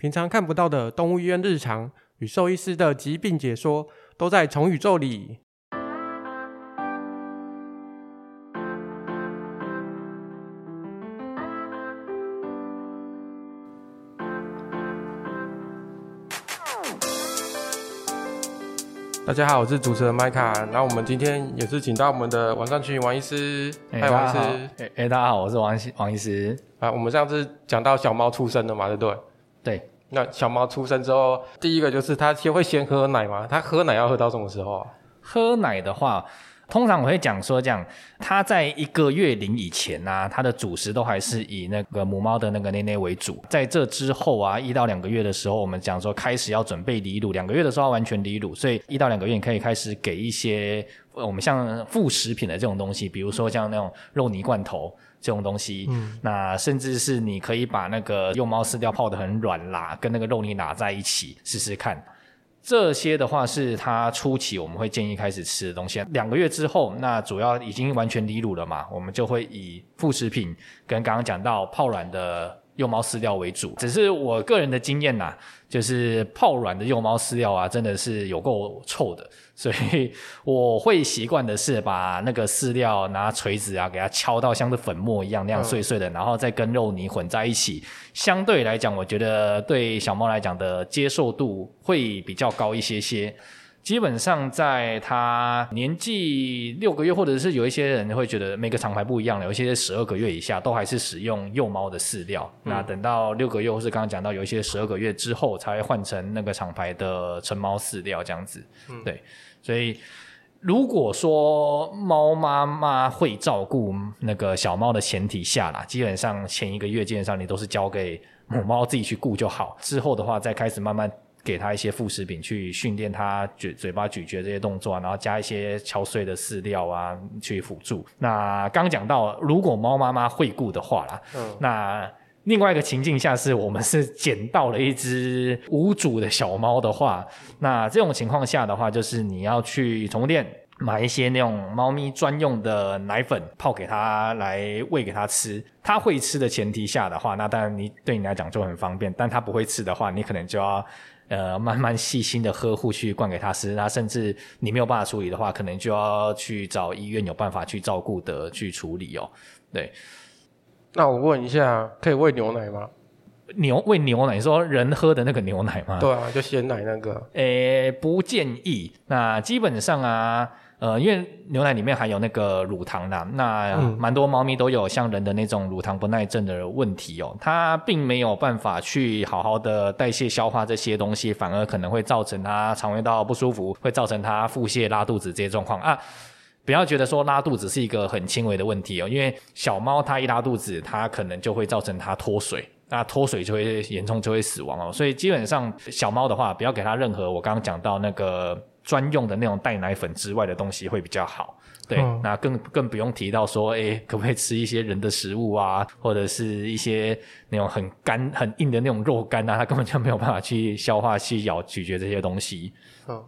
平常看不到的動物醫院日常與獸醫師的疾病解說，都在寵宇宙裡。大家好，我是主持人麥卡。那我們今天也是請到我們的王善群王醫師，哎、欸，嗨王醫師，哎、欸欸，大家好，我是王王醫師。啊，我們上次講到小貓出生了嘛，對不對？對，那小貓出生之後，第一個就是它先會先喝奶嘛。它喝奶要喝到什麼時候？喝奶的話，通常我會講說，這樣它在一個月齡以前啊，它的主食都還是以那個母貓的那個奶奶為主。在這之後啊，一到兩個月的時候，我們講說開始要準備離乳。兩個月的時候要完全離乳，所以一到兩個月你可以開始給一些。我們像副食品的這種東西，比如說像那種肉泥罐頭這種東西，嗯，那甚至是你可以把那個幼貓飼料泡得很軟啦，跟那個肉泥拿在一起試試看。這些的話是它初期我們會建議開始吃的東西。兩個月之後，那主要已經完全離乳了嘛，我們就會以副食品跟剛剛講到泡軟的。幼貓飼料為主，只是我個人的經驗吶、啊，就是泡軟的幼貓飼料啊，真的是有夠臭的，所以我會習慣的是把那個飼料拿錘子啊給它敲到像個粉末一樣那樣碎碎的，嗯、然後再跟肉泥混在一起，相對來講，我覺得對小貓來講的接受度會比較高一些些。基本上在他年紀六個月，或者是有一些人會覺得每個廠牌不一樣，有一些十二個月以下都還是使用幼貓的飼料。嗯、那等到六個月，或是剛剛講到有一些十二個月之後，才會換成那個廠牌的成貓飼料這樣子。嗯、對，所以如果說貓媽媽會照顧那個小貓的前提下啦，基本上前一個月基本上你都是交給母貓自己去顧就好。嗯、之後的話，再開始慢慢，給他一些副食品去訓練他嘴、嘴巴咀嚼這些動作啊，然後加一些敲碎的飼料啊去輔助。那剛講到，如果貓媽媽會顧的話啦，嗯，那另外一個情境下是我們是撿到了一只無主的小貓的話，那這種情況下的話，就是你要去寵物店買一些那種貓咪專用的奶粉泡給它來餵給它吃。它會吃的前提下的話，那當然你對你來講就很方便。但它不會吃的話，你可能就要。呃，慢慢細心的呵護去灌給他吃，那甚至你沒有辦法處理的話，可能就要去找醫院有辦法去照顧的去處理哦。對，那我問一下，可以餵牛奶嗎？牛餵牛奶，你說人喝的那個牛奶嗎？對啊，就鮮奶那個。誒，不建議。那基本上啊。呃，因為牛奶裡面還有那個乳糖啦，那蠻、嗯、多貓咪都有像人的那種乳糖不耐症的問題哦、喔，它並沒有辦法去好好的代謝消化這些東西，反而可能會造成它腸胃道不舒服，會造成它腹瀉拉肚子這些狀況啊。不要覺得說拉肚子是一個很輕微的問題哦、喔，因為小貓它一拉肚子，它可能就會造成它脫水，那脫水就會嚴重就會死亡哦、喔。所以基本上小貓的話，不要給它任何我剛剛講到那個。專用的那種代奶粉之外的東西會比較好，對，嗯、那更更不用提到說，哎、欸，可不可以吃一些人的食物啊，或者是一些那種很乾很硬的那種肉乾啊，它根本就沒有辦法去消化、吸、咬、咀嚼這些東西。嗯，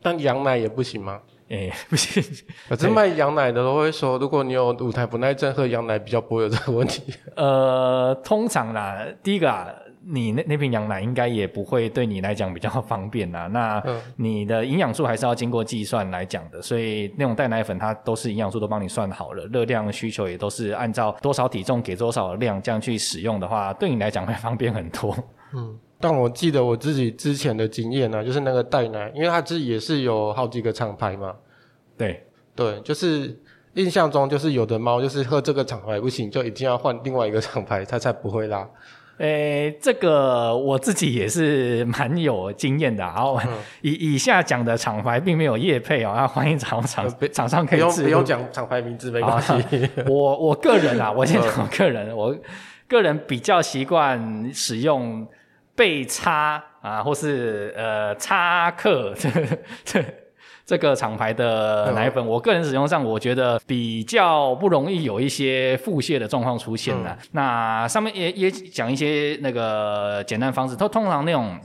但羊奶也不行嗎？哎、欸，不行。反正賣羊奶的都會說，欸、如果你有乳糖不耐症，喝羊奶比較不會有這個問題。呃，通常啦，第一個啊。你那那瓶羊奶應該也不會對你來講比較方便啦、啊。那你的營養素還是要經過計算來講的，嗯、所以那種代奶粉它都是營養素都幫你算好了，熱量需求也都是按照多少體重給多少的量這樣去使用的話，對你來講會方便很多。嗯，但我記得我自己之前的經驗呢、啊，就是那個代奶，因為它自己也是有好幾個廠牌嘛。對對，就是印象中就是有的貓就是喝這個廠牌不行，就一定要換另外一個廠牌，它才不會拉。誒，這個我自己也是蠻有經驗的啊。嗯、然後以以下講的廠牌並沒有業配哦，啊、歡迎廠廠、呃、廠商可以自不用講廠牌名字沒關係。哦啊、 我我個人啊，我先講我個人，嗯、我個人比較習慣使用被插啊，或是呃插克這這。這個廠牌的奶粉，我個人使用上，我覺得比較不容易有一些腹瀉的狀況出現的。那上面也也講一些那個簡單方式，它通常那種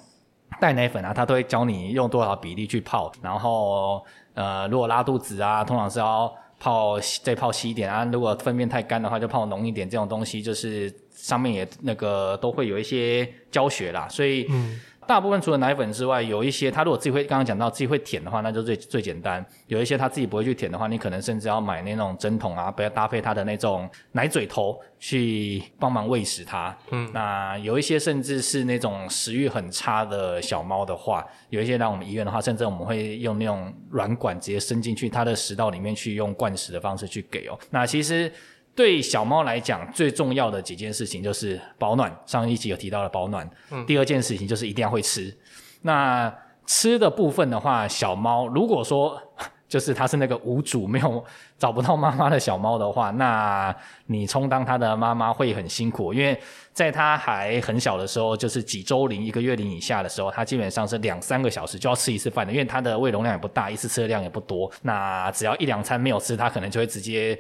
代奶粉啊，它都會教你用多少比例去泡。然後呃，如果拉肚子啊，通常是要泡再泡稀一點啊。如果糞便太乾的話，就泡濃一點。這種東西就是上面也那個都會有一些教學啦，所以。嗯大部分除了奶粉之外，有一些它如果自己會剛剛講到自己會舔的話，那就最最簡單。有一些它自己不會去舔的話，你可能甚至要買那種針筒啊，不要搭配它的那種奶嘴頭去幫忙餵食它。嗯，那有一些甚至是那種食欲很差的小貓的話，有一些來我們醫院的話，甚至我們會用那種軟管直接伸進去它的食道裡面去用灌食的方式去給哦。那其實。對小貓來講，最重要的幾件事情就是保暖。上一集有提到的保暖。嗯、第二件事情就是一定要會吃。那吃的部分的話，小貓如果說就是它是那個無主、沒有找不到媽媽的小貓的話，那你充當它的媽媽會很辛苦，因為在它還很小的時候，就是幾周齡一個月齡以下的時候，它基本上是兩三個小時就要吃一次飯的，因為它的胃容量也不大，一次吃的量也不多。那只要一兩餐沒有吃，它可能就會直接。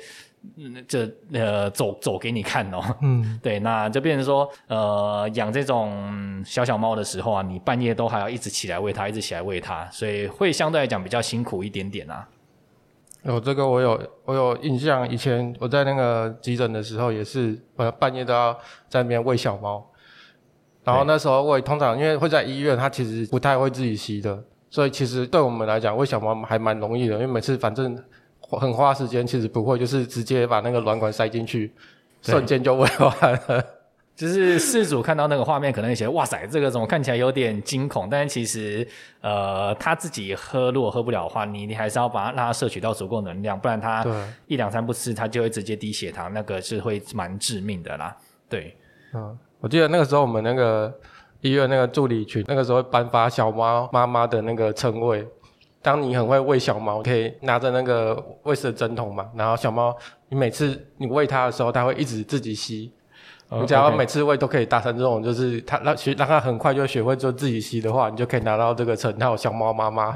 嗯，就呃，走走給你看哦。嗯， 對，那就變成說，呃，養這種小小貓的時候啊，你半夜都還要一直起來餵它，一直起來餵它，所以會相對來講比較辛苦一點點啊。有、哦、這個，我有我有印象，以前我在那個急診的時候，也是我半夜都要在那邊餵小貓。然後那時候我也，通常因為會在醫院，它其實不太會自己吸的，所以其實對我們來講餵小貓還蠻容易的，因為每次反正。很花時間，其實不會，就是直接把那個卵管塞進去，瞬間就餵完了。就是飼主看到那個畫面，可能也覺得哇塞，這個怎麼看起來有點驚恐？但是其實，呃，他自己喝，如果喝不了的話，你你還是要把它讓它攝取到足夠能量，不然他一兩餐不吃，他就會直接低血糖，那個是會蠻致命的啦。對，嗯，我記得那個時候我們那個醫院那個助理群，那個時候頒發小貓媽媽的那個稱謂。當你很會餵小貓，可以拿着那個餵食的針筒嘛，然後小貓，你每次你餵它的時候，它會一直自己吸，oh, okay. 你只要每次餵都可以達成這種，就是它讓讓它很快就學會就自己吸的話，你就可以拿到這個稱號“小貓媽媽”，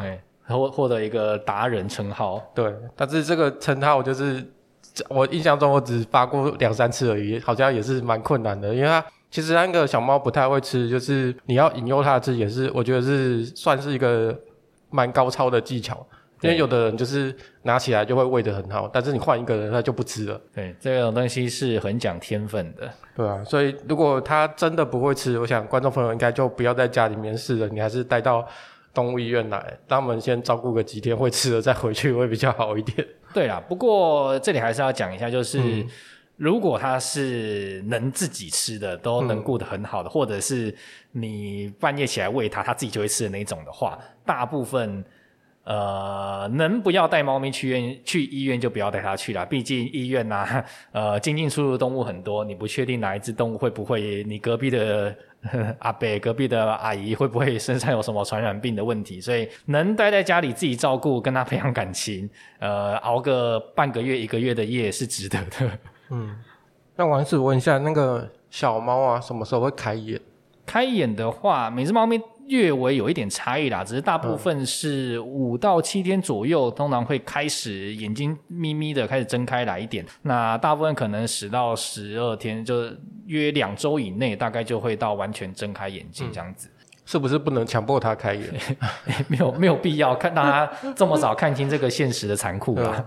然後獲得一個達人稱號。對，但是這個稱號我就是我印象中我只發過兩三次而已，好像也是蠻困難的，因為它其實那個小貓不太會吃，就是你要引誘它吃，也是我覺得是算是一個。蠻高超的技巧，因為有的人就是拿起來就會餵得很好，對但是你換一個人他就不吃了。對，這種東西是很講天分的，對啊。所以如果他真的不會吃，我想觀眾朋友應該就不要在家裡面試了，你還是帶到動物醫院來，讓他們先照顧個幾天會吃了再回去會比較好一點。對啦，不過這裡還是要講一下，就是。嗯如果它是能自己吃的，都能顧得很好的，嗯、或者是你半夜起來餵它，它自己就會吃的那一種的話，大部分呃能不要帶貓咪去院去醫院就不要帶它去了，畢竟醫院吶、啊，呃進進出出的動物很多，你不確定哪一只動物會不會，你隔壁的阿伯、隔壁的阿姨會不會身上有什麼傳染病的問題，所以能待在家裡自己照顧，跟他培養感情，呃熬個半個月、一個月的夜是值得的。嗯，那我還是問一下，那個小貓啊，什麼時候會開眼？開眼的話，每只貓咪略微有一點差異啦，只是大部分是五到七天左右，嗯、通常會開始眼睛眯眯的開始睜開來一點。那大部分可能十到十二天，就是約兩周以內，大概就會到完全睜開眼睛這樣子。嗯、是不是不能強迫它開眼？欸欸、沒有沒有必要 看讓它這麼早看清這個現實的殘酷吧。嗯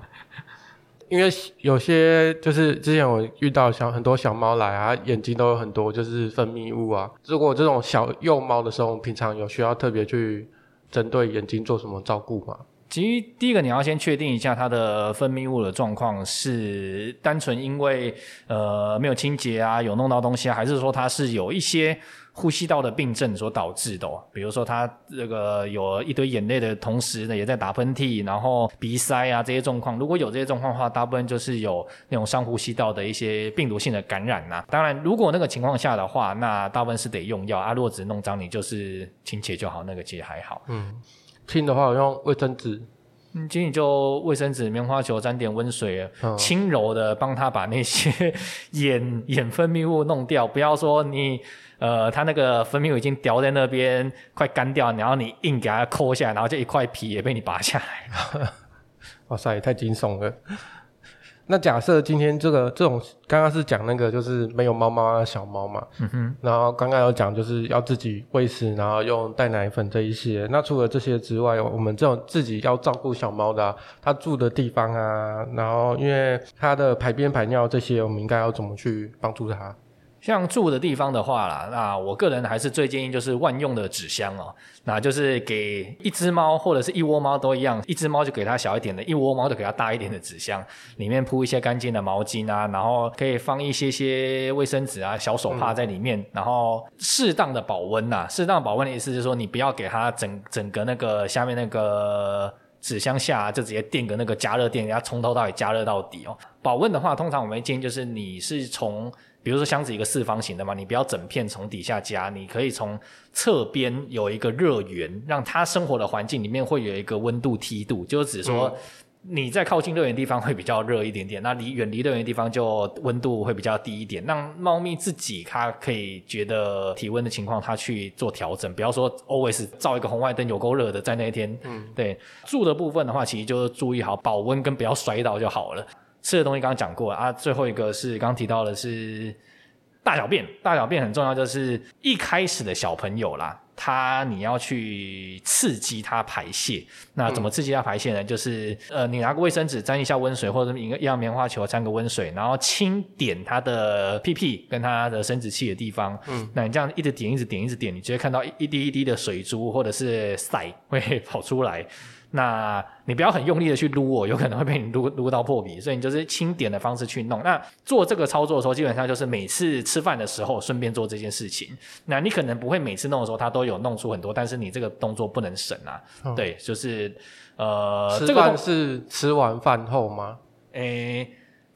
因為有些就是之前我遇到小很多小貓來啊，眼睛都有很多就是分泌物啊。如果這種小幼貓的時候，我們平常有需要特別去針對眼睛做什麼照顧嗎？其實第一個你要先確定一下它的分泌物的狀況，是單純因為呃沒有清潔啊，有弄到東西啊，還是說它是有一些呼吸道的病症所導致的哦？比如說它這個有一堆眼淚的同時呢，也在打噴嚏，然後鼻塞啊這些狀況，如果有這些狀況的話，大部分就是有那種上呼吸道的一些病毒性的感染吶，啊。當然，如果那個情況下的話，那大部分是得用藥啊。如果只弄髒，你就是清潔就好，那個其實還好。嗯。聽的話，我用衛生紙，嗯、今你就衛生紙、棉花球沾點溫水，輕、哦、柔的幫他把那些眼眼分泌物弄掉。不要說你呃，他那個分泌物已經掉在那邊，快乾掉，然後你硬給他摳下來，然後這一塊皮也被你拔下來。 哇塞，太驚悚了！那假設今天這個這種剛剛是講那個就是沒有貓媽媽的小貓嘛，嗯哼，然後剛剛有講就是要自己餵食，然後用代奶粉這一些。那除了這些之外，我們這種自己要照顧小貓的啊，他住的地方啊，然後因為他的排便排尿這些，我們應該要怎麼去幫助他？像住的地方的話啦，那我個人還是最建議就是萬用的紙箱哦、喔。那就是給一只貓或者是一窩貓都一樣，一只貓就給它小一點的，一窩貓就給它大一點的紙箱，裡面鋪一些乾淨的毛巾啊，然後可以放一些些衛生紙啊、小手帕在裡面，嗯、然後適當的保溫吶、啊。適當保溫的意思就是說，你不要給它整整個那個下面那個紙箱下、啊、就直接墊個那個加熱墊，要從頭到尾加熱到底哦、喔。保溫的話，通常我們會建議就是你是從比如說箱子一個四方形的嘛，你不要整片從底下加，你可以從側邊有一個熱源，讓它生活的環境裡面會有一個溫度梯度，就是指說你在靠近熱源的地方會比較熱一點點，嗯、那離遠離熱源的地方就溫度會比較低一點，讓貓咪自己它可以覺得體溫的情況它去做調整，不要說 always 照一個紅外燈有夠熱的，在那一天，嗯，對，住的部分的話，其實就是注意好保溫跟不要摔倒就好了。吃的東西剛剛講過啊，最後一個是剛提到的是大小便，大小便很重要，就是一開始的小朋友啦，他你要去刺激他排泄，那怎麼刺激他排泄呢？嗯、就是呃，你拿個衛生紙沾一下溫水，或者一個一樣棉花球沾個溫水，然後輕點他的屁屁跟他的生殖器的地方，嗯，那你這樣一直點一直點一直點，一直點，你直接看到一滴一滴的水珠或者是屎會跑出來。那你不要很用力的去擼我，哦，有可能會被你擼擼到破皮，所以你就是輕點的方式去弄。那做這個操作的時候，基本上就是每次吃飯的時候順便做這件事情。那你可能不會每次弄的時候，它都有弄出很多，但是你這個動作不能省啊。嗯、對，就是呃，這個是吃完飯後嗎？誒。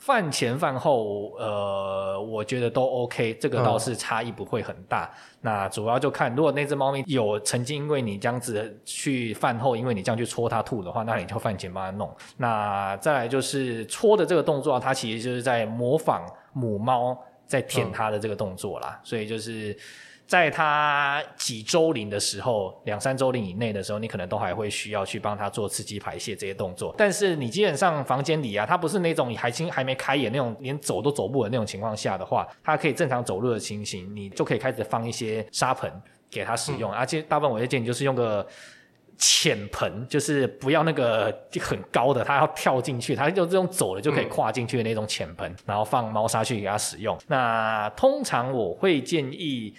飯前飯後，呃，我覺得都 OK，這個倒是差異不會很大。嗯、那主要就看，如果那只貓咪有曾經因為你這樣子去飯後，因為你這樣去搓它吐的話，那你就飯前幫它弄。嗯、那再來就是搓的這個動作，它其實就是在模仿母貓在舔它的這個動作啦，嗯、所以就是。在他幾周齡的時候，兩三周齡以內的時候，你可能都還會需要去幫他做刺激排泄這些動作。但是你基本上房間裡啊，它不是那種還新還沒開眼那種，連走都走不穩那種情況下的話，它可以正常走路的情形，你就可以開始放一些沙盆給他使用。而且、嗯，啊、其實大部分我會建議就是用個淺盆，就是不要那個很高的，它要跳進去，它就這種走了就可以跨進去的那種淺盆，嗯、然後放貓砂去給他使用。那通常我會建議。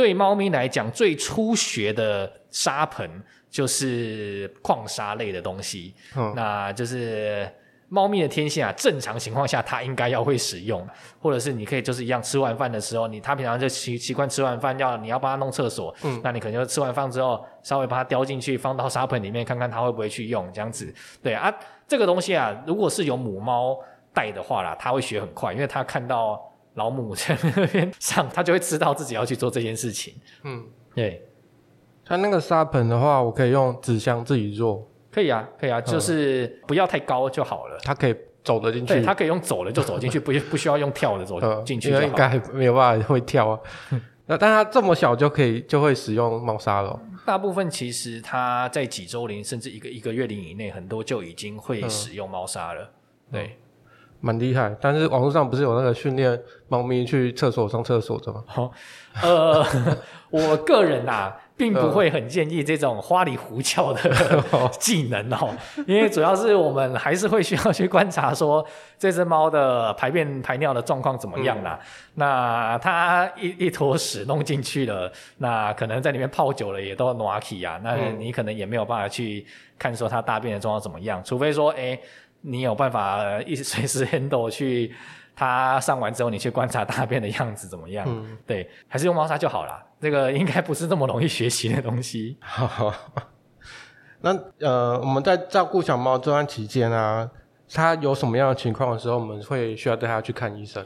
對貓咪來講，最初學的沙盆就是礦沙類的東西。嗯，那就是貓咪的天性啊。正常情況下，它應該要會使用，或者是你可以就是一樣，吃完飯的時候，你它平常就習習慣吃完飯要你要幫它弄廁所，嗯，那你可能就吃完飯之後稍微把它叼進去放到沙盆裡面，看看它會不會去用這樣子。對啊，這個東西啊，如果是有母貓帶的話啦，它會學很快，因為它看到，老母在那邊上，他就會知道自己要去做這件事情。嗯，對。它，那個砂盆的話我可以用紙箱自己做？可以啊，可以啊，嗯、就是不要太高就好了。它可以走得進去。對，它可以用走的就走進去，不 不需要用跳的走進去。嗯、應該沒有辦法會跳啊。那 但它這麼小就可以就會使用貓砂了？嗯。大部分其實它在幾周齡甚至一個一個月齡以內，很多就已經會使用貓砂了。嗯、對。嗯蠻厲害，但是網絡上不是有那個訓練貓咪去廁所上廁所的嗎？哦、呃， 我個人啊，並不會很建議這種花裡胡哨的技能哦，哦，因為主要是我們還是會需要去觀察說這隻貓的排便排尿的狀況怎麼樣啦、啊嗯、那它一一坨屎弄進去了，那可能在裡面泡久了也都要挪起呀，那你可能也沒有辦法去看說它大便的狀況怎麼樣，除非說誒、欸你有辦法一隨時 handle 去，它上完之後你去觀察大便的樣子怎麼樣？嗯、對，還是用貓砂就好了。這個應該不是那麼容易學習的東西。好， 那呃，我們在照顧小貓這段期間啊，它有什麼樣的情況的時候，我們會需要帶它去看醫生？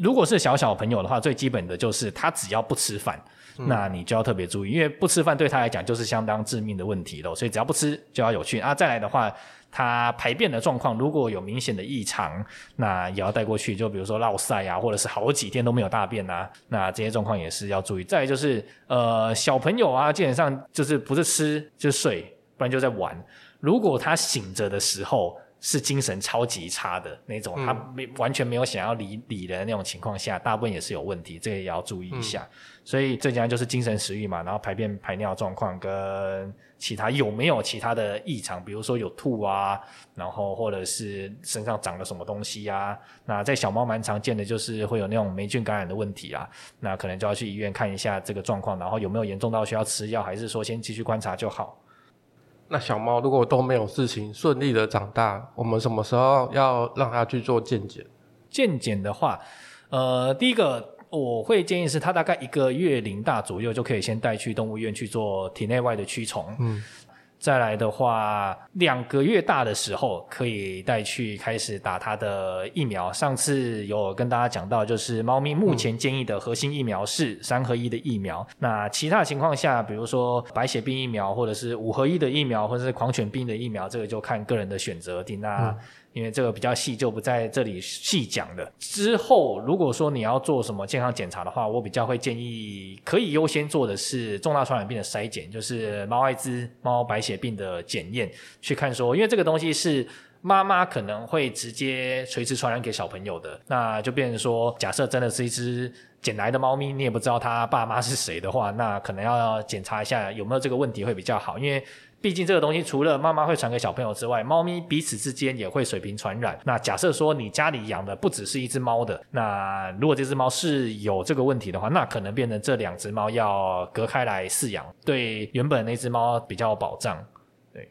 如果是小小朋友的話，最基本的就是他只要不吃飯，那你就要特別注意，因為不吃飯對他來講就是相當致命的問題咯。所以只要不吃就要有去啊。再來的話，他排便的狀況如果有明顯的異常，那也要帶過去。就比如說落賽啊，或者是好幾天都沒有大便啊，那這些狀況也是要注意。再來就是呃，小朋友啊，基本上就是不是吃就是睡，不然就在玩。如果他醒着的時候。是精神超級差的那種，他沒完全沒有想要理理的那種情況下，嗯、大部分也是有問題，這個也要注意一下。嗯、所以最主要就是精神食欲嘛，然後排便排尿狀況跟其他有沒有其他的異常，比如說有吐啊，然後或者是身上長了什麼東西啊。那在小貓蠻常見的就是會有那種黴菌感染的問題啊。那可能就要去醫院看一下這個狀況，然後有沒有嚴重到需要吃藥，還是說先繼續觀察就好。那小貓如果都沒有事情，順利的長大，我們什麼時候要讓它去做健檢？健檢的話，呃，第一個我會建議是它大概一個月齡大左右就可以先帶去動物醫院去做體內外的驅蟲。嗯。再來的話，兩個月大的時候可以帶去開始打它的疫苗。上次有跟大家講到，就是貓咪目前建議的核心疫苗是三合一的疫苗。嗯、那其他情況下，比如說白血病疫苗，或者是五合一的疫苗，或者是狂犬病的疫苗，這個就看個人的選擇定那。嗯因為這個比較細，就不在這裡細講了。之後，如果說你要做什麼健康檢查的話，我比較會建議可以優先做的是重大傳染病的篩檢，就是貓艾滋、貓白血病的檢驗，去看說，因為這個東西是媽媽可能會直接垂直傳染給小朋友的。那就變成說，假設真的是一隻撿來的貓咪，你也不知道它爸媽是誰的話，那可能要檢查一下有沒有這個問題會比較好，因為。畢竟這個東西除了媽媽會傳給小朋友之外，貓咪彼此之間也會水平傳染。那假設說你家裡養的不只是一只貓的，那如果這只貓是有這個問題的話，那可能變成這兩只貓要隔開來飼養，對原本那只貓比較有保障。對，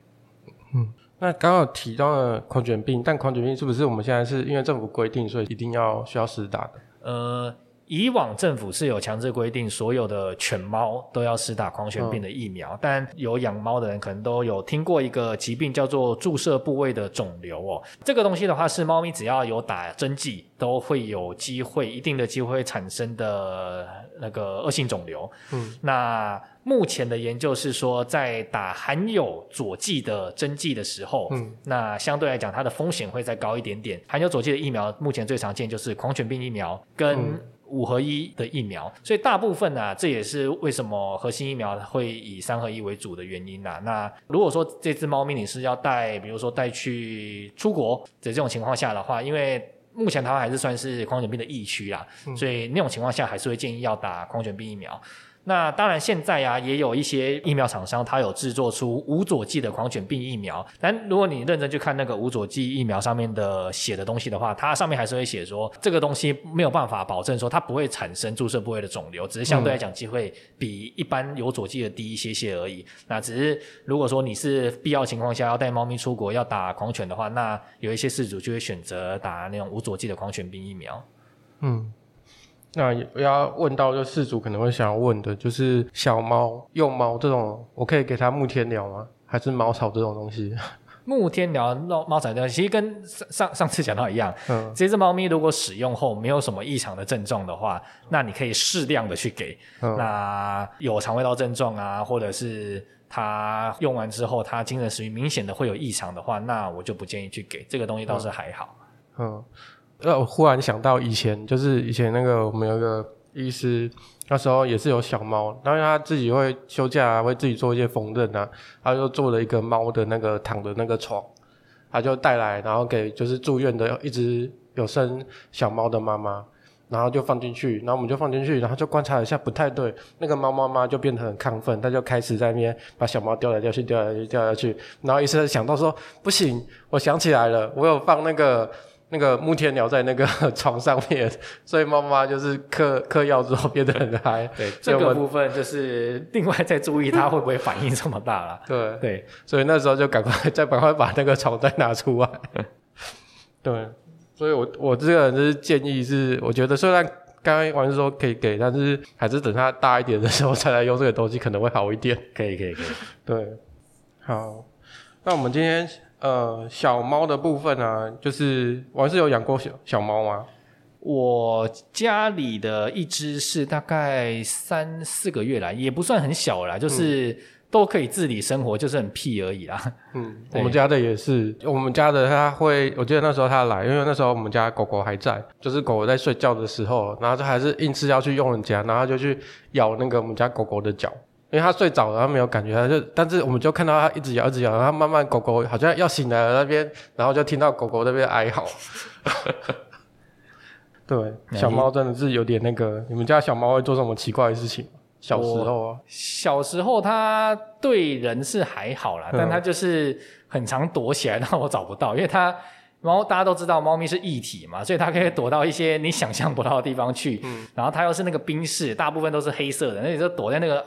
嗯，那剛好提到了狂犬病，但狂犬病是不是我們現在是因為政府規定，所以一定要需要施打的？呃。以往政府是有強制規定，所有的犬貓都要施打狂犬病的疫苗。嗯、但有養貓的人可能都有聽過一個疾病叫做注射部位的腫瘤哦。這個東西的話是貓咪只要有打針劑，都會有機會一定的機會,會產生的那個惡性腫瘤。嗯，那目前的研究是說，在打含有佐劑的針劑的時候，嗯，那相對來講它的風險會再高一點點。含有佐劑的疫苗目前最常見就是狂犬病疫苗跟、嗯。五合一的疫苗，所以大部分呢、啊，這也是為什麼核心疫苗會以三合一為主的原因啦、啊。那如果說這只貓咪你是要帶，比如說帶去出國的這種情況下的話，因為目前台灣還是算是狂犬病的疫區啦，嗯、所以那種情況下還是會建議要打狂犬病疫苗。那當然，現在呀，也有一些疫苗廠商，它有製作出無佐劑的狂犬病疫苗。但如果你認真去看那個無佐劑疫苗上面的寫的東西的話，它上面還是會寫說，這個東西沒有辦法保證說它不會產生注射部位的腫瘤，只是相對來講機會比一般有佐劑的低一些些而已。那只是如果說你是必要情況下要帶貓咪出國要打狂犬的話，那有一些飼主就會選擇打那種無佐劑的狂犬病疫苗。嗯。那要問到，就飼主可能會想要問的，就是小貓、幼貓這種，我可以給它木天蓼嗎？還是貓草這種東西？ 木天蓼、貓貓草這種，其實跟上上上次講到一樣。嗯，這隻貓咪如果使用後沒有什麼異常的症狀的話，那你可以適量的去給。嗯。那有腸胃道症狀啊，或者是它用完之後它精神食欲明顯的會有異常的話，那我就不建議去給。這個東西倒是還好。嗯。嗯呃，我忽然想到以前，就是以前那個我們有個醫師，那時候也是有小貓，然後他自己會休假啊，會自己做一些縫紉啊，他就做了一個貓的那個躺的那個床，他就帶來，然後給就是住院的一只有生小貓的媽媽，然後就放進去，然後我們就放進去，然後就觀察一下，不太對，那個貓媽媽就變得很亢奮，他就開始在那邊把小貓叼來叼去，叼來叼去叼來叼去，然後醫生想到說不行，我想起來了，我有放那個。那個木天蓼在那個床上面，所以媽媽就是嗑嗑藥之後變得很嗨。對，這個部分就是另外再注意它會不會反應這麼大啦。 對對，所以那時候就趕快再趕快把那個床單拿出來。 對，所以我我這個人就是建議是，我覺得雖然剛剛王醫師說可以給，但是還是等他大一點的時候再來用這個東西可能會好一點。可以可以可以， 對，好，那我們今天。呃，小貓的部分啊，就是我還是有養過小小貓嗎？我家裡的一隻是大概三四個月來，也不算很小啦，就是、嗯、都可以自理生活，就是很屁而已啦。嗯，對我們家的也是，我們家的它會，我記得那時候它來，因為那時候我們家狗狗還在，就是狗狗在睡覺的時候，然後就還是硬是要去用人家，然後就去咬那個我們家狗狗的腳。因為他睡着了，他沒有感覺，他就但是我們就看到他一直咬，一直咬，然後慢慢狗狗好像要醒來了那邊，然後就聽到狗狗那邊哀嚎。 對，小貓真的是有點那個。你們家小貓會做什麼奇怪的事情？小時候啊，小時候它對人是還好啦，但它就是很常躲起來，然後、嗯、我找不到，因為它貓大家都知道，貓咪是液體嘛，所以它可以躲到一些你想象不到的地方去。嗯、然後它又是那個賓士，大部分都是黑色的，那你就躲在那個。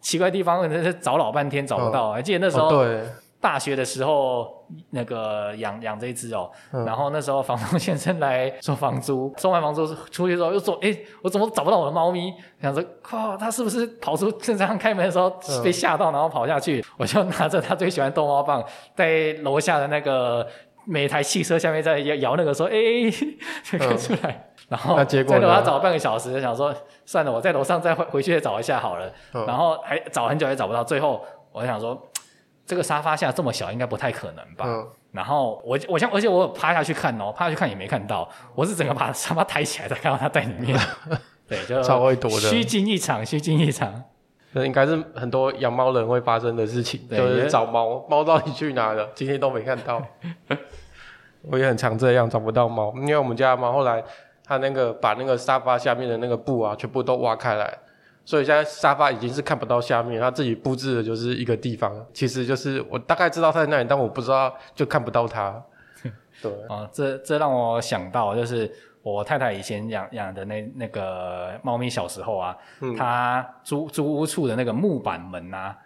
奇怪地方，真是找老半天找不到。還、哦、記得那時候、哦、對大學的時候，那個養養這一隻哦，嗯、然後那時候房東先生來收房租，收、嗯、完房租出去之後又說：“哎，我怎麼找不到我的貓咪？”想說，靠，它是不是跑出？正常開門的時候被嚇到，然後跑下去。嗯、我就拿着它最喜歡逗貓棒，在樓下的那個每一台汽車下面在搖搖那個，說：“哎，出來！”嗯然後結果在樓下找了半個小時，想說算了，我在樓上再回回去再找一下好了。嗯、然後還找很久也找不到，最後我想說這個沙發下這麼小，應該不太可能吧？嗯、然後我我想，而且我趴下去看哦，趴下去看也沒看到，我是整個把沙發抬起來才看到它在裡面。 對，就超會躲的。虛驚一場，虛驚一場。那應該是很多養貓人會發生的事情，對，你找貓 貓到底去哪了？今天都沒看到。 我也很常這樣找不到貓，因為我們家的貓後來。他那個把那個沙發下面的那個布啊，全部都挖開來，所以現在沙發已經是看不到下面。他自己布置的就是一個地方，其實就是我大概知道他在那裡，但我不知道，就看不到他。對啊、哦，這這讓我想到，就是我太太以前養養的那那個貓咪小時候啊，它、嗯、租租屋處的那個木板門啊，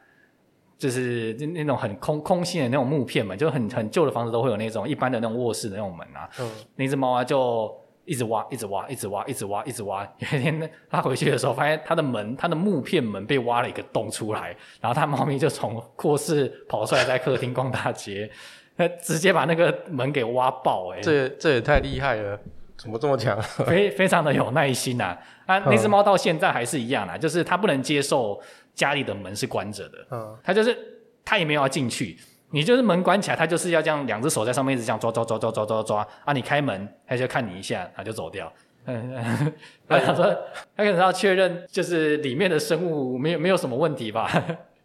就是那種很空空心的那種木片門，就很很舊的房子都會有那種一般的那種臥室的那種門啊。嗯、那隻貓啊就。一直挖，一直挖，一直挖，一直挖，一直挖。有一天，他回去的時候，發現他的門，他的木片門被挖了一個洞出來，然後他貓咪就從臥室跑出來，在客廳逛大街，那 直接把那個門給挖爆、欸，哎，這這也太厲害了，怎麼這麼強？非 非常的有耐心吶、啊。啊，嗯、那隻貓到現在還是一樣啦、啊，就是它不能接受家裡的門是關着的，嗯，它就是它也沒有要進去。你就是門關起來，它就是要這樣，兩只手在上面一直這樣抓抓抓抓抓抓抓啊！你開門，它就看你一下，它就走掉。嗯，他想說，他可能要確認就是裡面的生物沒有沒有什麼問題吧。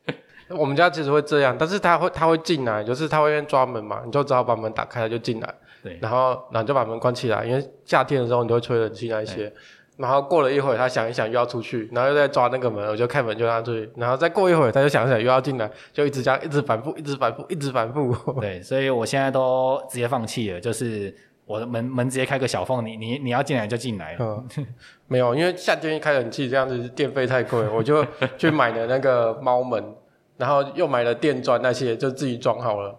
我們家其實會這樣，但是它會它會進來，就是它會抓門嘛，你就只好把門打開，它就進來。對，然後然後就把門關起來，因為夏天的時候你就會吹冷氣那一些。然後過了一會兒，他想一想又要出去，然後又在抓那個門，我就開門就讓他出去。然後再過一會兒，他就想一想又要進來，就一直這樣一直反覆，一直反覆，一直反覆。對，所以我現在都直接放棄了，就是我的門門直接開個小縫，你你你要進來就進來。嗯、 沒有，因為夏天一開冷氣這樣子電費太貴，我就去買了那個貓門， 然後又買了電鑽那些，就自己裝好了，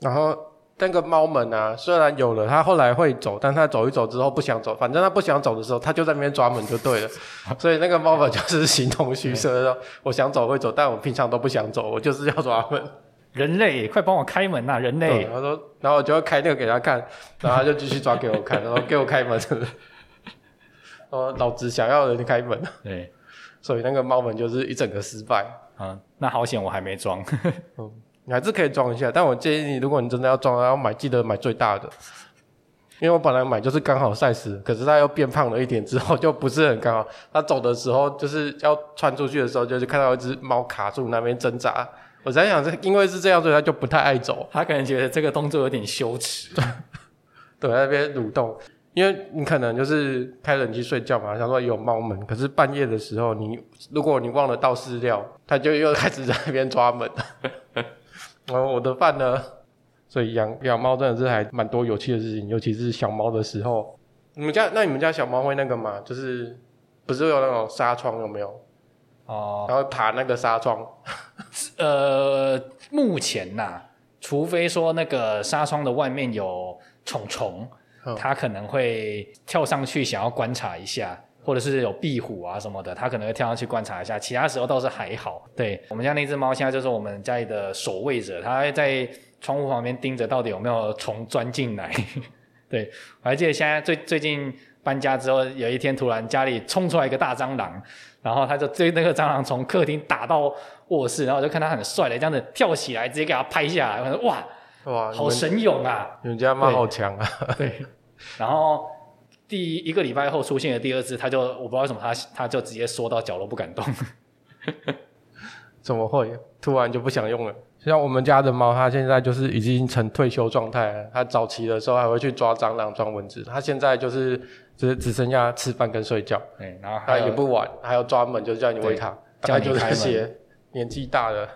然後。那個貓門啊，雖然有了，它後來會走，但它走一走之後不想走。反正它不想走的時候，它就在那邊抓門就對了。 所以那個貓門就是形同虛設。說對我想走會走，但我平常都不想走，我就是要抓門。人類，快幫我開門吶、啊！人類，我說，然後我就要開那個給他看，然後他就繼續抓給我看， 然後給我開門。哦， 老子想要人開門。 對，所以那個貓門就是一整個失敗。啊、那好險我還沒裝。 嗯你還是可以裝一下，但我建議你，如果你真的要裝，然後買，記得買最大的，因為我本來買就是剛好 size，可是它又變胖了一點之後就不是很剛好。它走的時候就是要穿出去的時候，就是看到一隻貓卡住那邊掙扎。我在想，因為是這樣做，它就不太愛走，它可能覺得這個動作有點羞恥。 對，在那邊蠕動，因為你可能就是開冷氣睡覺嘛，想說有貓門，可是半夜的時候你，你如果你忘了倒飼料，它就又開始在那邊抓門。 哦，我的飯呢？所以養養貓真的是還蠻多有趣的事情，尤其是小貓的時候。你們家，那你們家小貓會那個嗎？就是不是會有那種紗窗有沒有？哦，然後爬那個紗窗。呃，目前吶，啊，除非說那個紗窗的外面有蟲蟲，嗯，它可能會跳上去想要觀察一下。或者是有壁虎啊什麼的，它可能會跳上去觀察一下。其他時候倒是還好。對，我們家那只貓，現在就是我們家裡的守衛者，它在窗戶旁邊盯着，到底有沒有蟲鑽進來。對，我還記得現在最最近搬家之後，有一天突然家裡衝出來一個大蟑螂，然後它就追那個蟑螂從客廳打到臥室，然後我就看它很帥的這樣子跳起來，直接給它拍下來。我說哇哇，哇好神勇啊！你們家貓好強啊！對，對，然後。第一個禮拜後出現的第二隻，他就我不知道為什麼，他他就直接縮到角落不敢動。 怎麼會突然就不想用了？像我們家的貓，它現在就是已經成退休狀態了。它早期的時候還會去抓蟑螂、抓蚊子，它現在就是只只剩下吃飯跟睡覺。然後它也不玩，還要抓門就叫你餵它。開大概就是這些。年紀大了。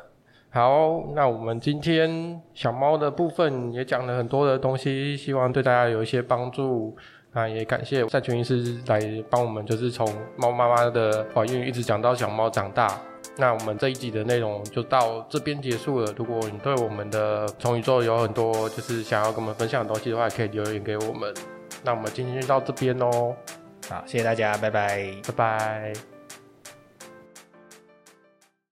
好，那我們今天小貓的部分也講了很多的東西，希望對大家有一些幫助。那也感謝善群獸醫師，來幫我們，就是從貓媽媽的懷孕一直講到小貓長大。那我們這一集的內容就到這邊結束了。如果你對我們的寵物宇宙有很多就是想要跟我們分享的東西的話，也可以留言給我們。那我們今天就到這邊嘍。好，謝謝大家，拜拜，拜拜。